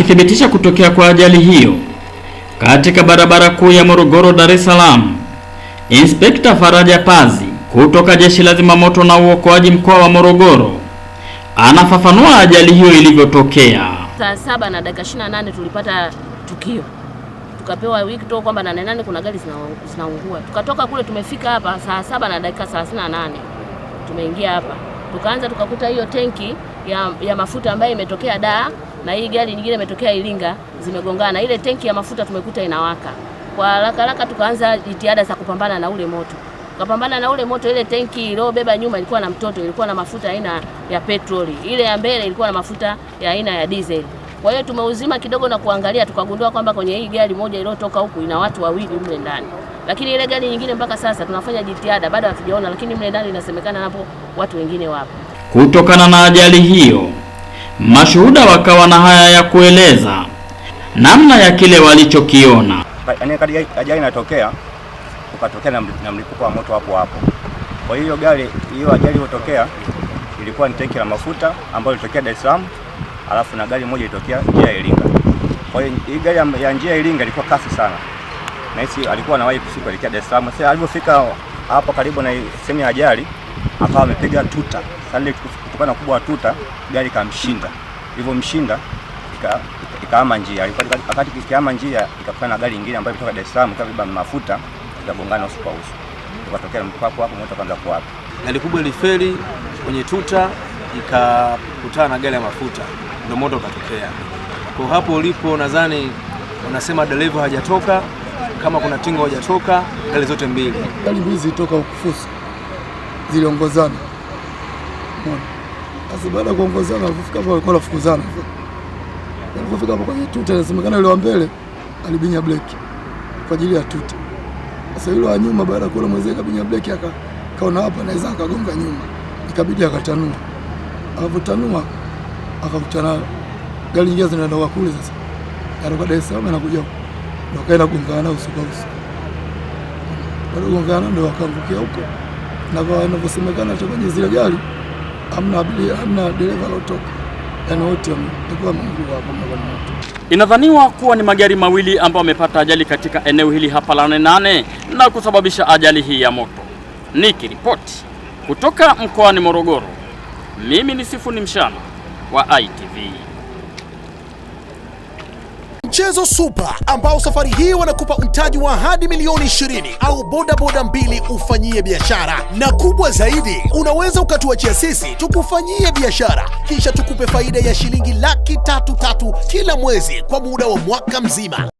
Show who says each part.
Speaker 1: Akithibitisha kutokea kwa ajali hiyo katika barabara kuu ya Morogoro Dar es Salaam, Inspekta Faraja Pazi kutoka Jeshi la Zimamoto na Uokoaji mkoa wa Morogoro anafafanua ajali hiyo ilivyotokea.
Speaker 2: Saa saba na dakika 28 tulipata tukio, tukapewa wiki wito kwamba na nane kuna gari zinaungua. Tukatoka kule tumefika hapa saa saba na dakika 38 tumeingia hapa, tukaanza tukakuta hiyo tenki ya, ya mafuta ambayo imetokea daa na hii gari nyingine imetokea Iringa, zimegongana. Ile tenki ya mafuta tumekuta inawaka kwa haraka haraka, tukaanza jitihada za kupambana na ule moto kapambana na ule moto. Ile tenki iliyobeba nyuma ilikuwa na mtoto, ilikuwa na mafuta aina ya petroli, ile ya mbele ilikuwa na mafuta ya aina ya diesel. Kwa hiyo tumeuzima kidogo na kuangalia, tukagundua kwamba kwenye hii gari moja iliyotoka huku ina watu wawili mle ndani, lakini ile gari nyingine mpaka sasa tunafanya jitihada, bado hatujaona, lakini mle ndani inasemekana napo watu wengine wapo.
Speaker 1: Kutokana na ajali hiyo Mashuhuda wakawa na haya ya kueleza namna ya kile walichokiona.
Speaker 3: Yaani ajali inatokea, ukatokea na mlipuko wa moto hapo hapo. Kwa hiyo gari hiyo ajali iliyotokea ilikuwa ni tanki la mafuta ambalo lilitokea Dar es Salaam, alafu na gari moja ilitokea njia ya Iringa. Kwa hiyo hii gari ya njia ya Iringa ilikuwa kasi sana, na hisi alikuwa anawahi kufika kuelekea Dar es Salaam. Sasa alipofika hapo karibu na sehemu ya ajali akawa amepiga tuta sale, kutokana kubwa wa tuta gari kamshinda, hivyo mshinda ikaama njia. Wakati kikiama njia ikakutana na gari nyingine ambayo kutoka Dar es Salaam ikabeba mafuta ikagongana uso kwa uso, ikatokea mpaka hapo, moto kaanza kuwaka.
Speaker 4: Gari kubwa ilifeli kwenye tuta ikakutana na gari ya mafuta, ndio moto ukatokea. Kwa hapo ulipo, nadhani unasema dereva hajatoka, kama kuna tingo hajatoka, gari zote mbili,
Speaker 5: gari hizi toka ukufusi ziliongozana. Sasa baada ya kuongozana, walipofika hapo walikuwa wanafukuzana. Walipofika hapo kwenye tuta, inasemekana yule wa mbele alibinya breki kwa ajili ya tuta. Sasa yule wa nyuma baada ya kuona mwenzie kabinya breki, akaona hapa anaweza akagonga nyuma, ikabidi akatanua. Alipotanua akakutana gari nyingine zinaenda kwa kule, sasa anatoka yaani Dar es Salaam anakuja huko, ndio kaenda kugongana uso kwa uso, ndio wakaangukia huko na inavyosemekana cha kwenye zile gari amna abiria, hamna dereva alotoka, yaani Mungu
Speaker 1: Inadhaniwa kuwa ni magari mawili ambayo yamepata ajali katika eneo hili hapa la Nane na kusababisha ajali hii ya moto. Nikiripoti kutoka mkoani Morogoro, mimi ni Sifuni Mshana wa ITV.
Speaker 6: Mchezo Super ambao safari hii wanakupa mtaji wa hadi milioni 20 au boda boda mbili ufanyie biashara, na kubwa zaidi, unaweza ukatuachia sisi tukufanyie biashara kisha tukupe faida ya shilingi laki tatu tatu kila mwezi kwa muda wa mwaka mzima.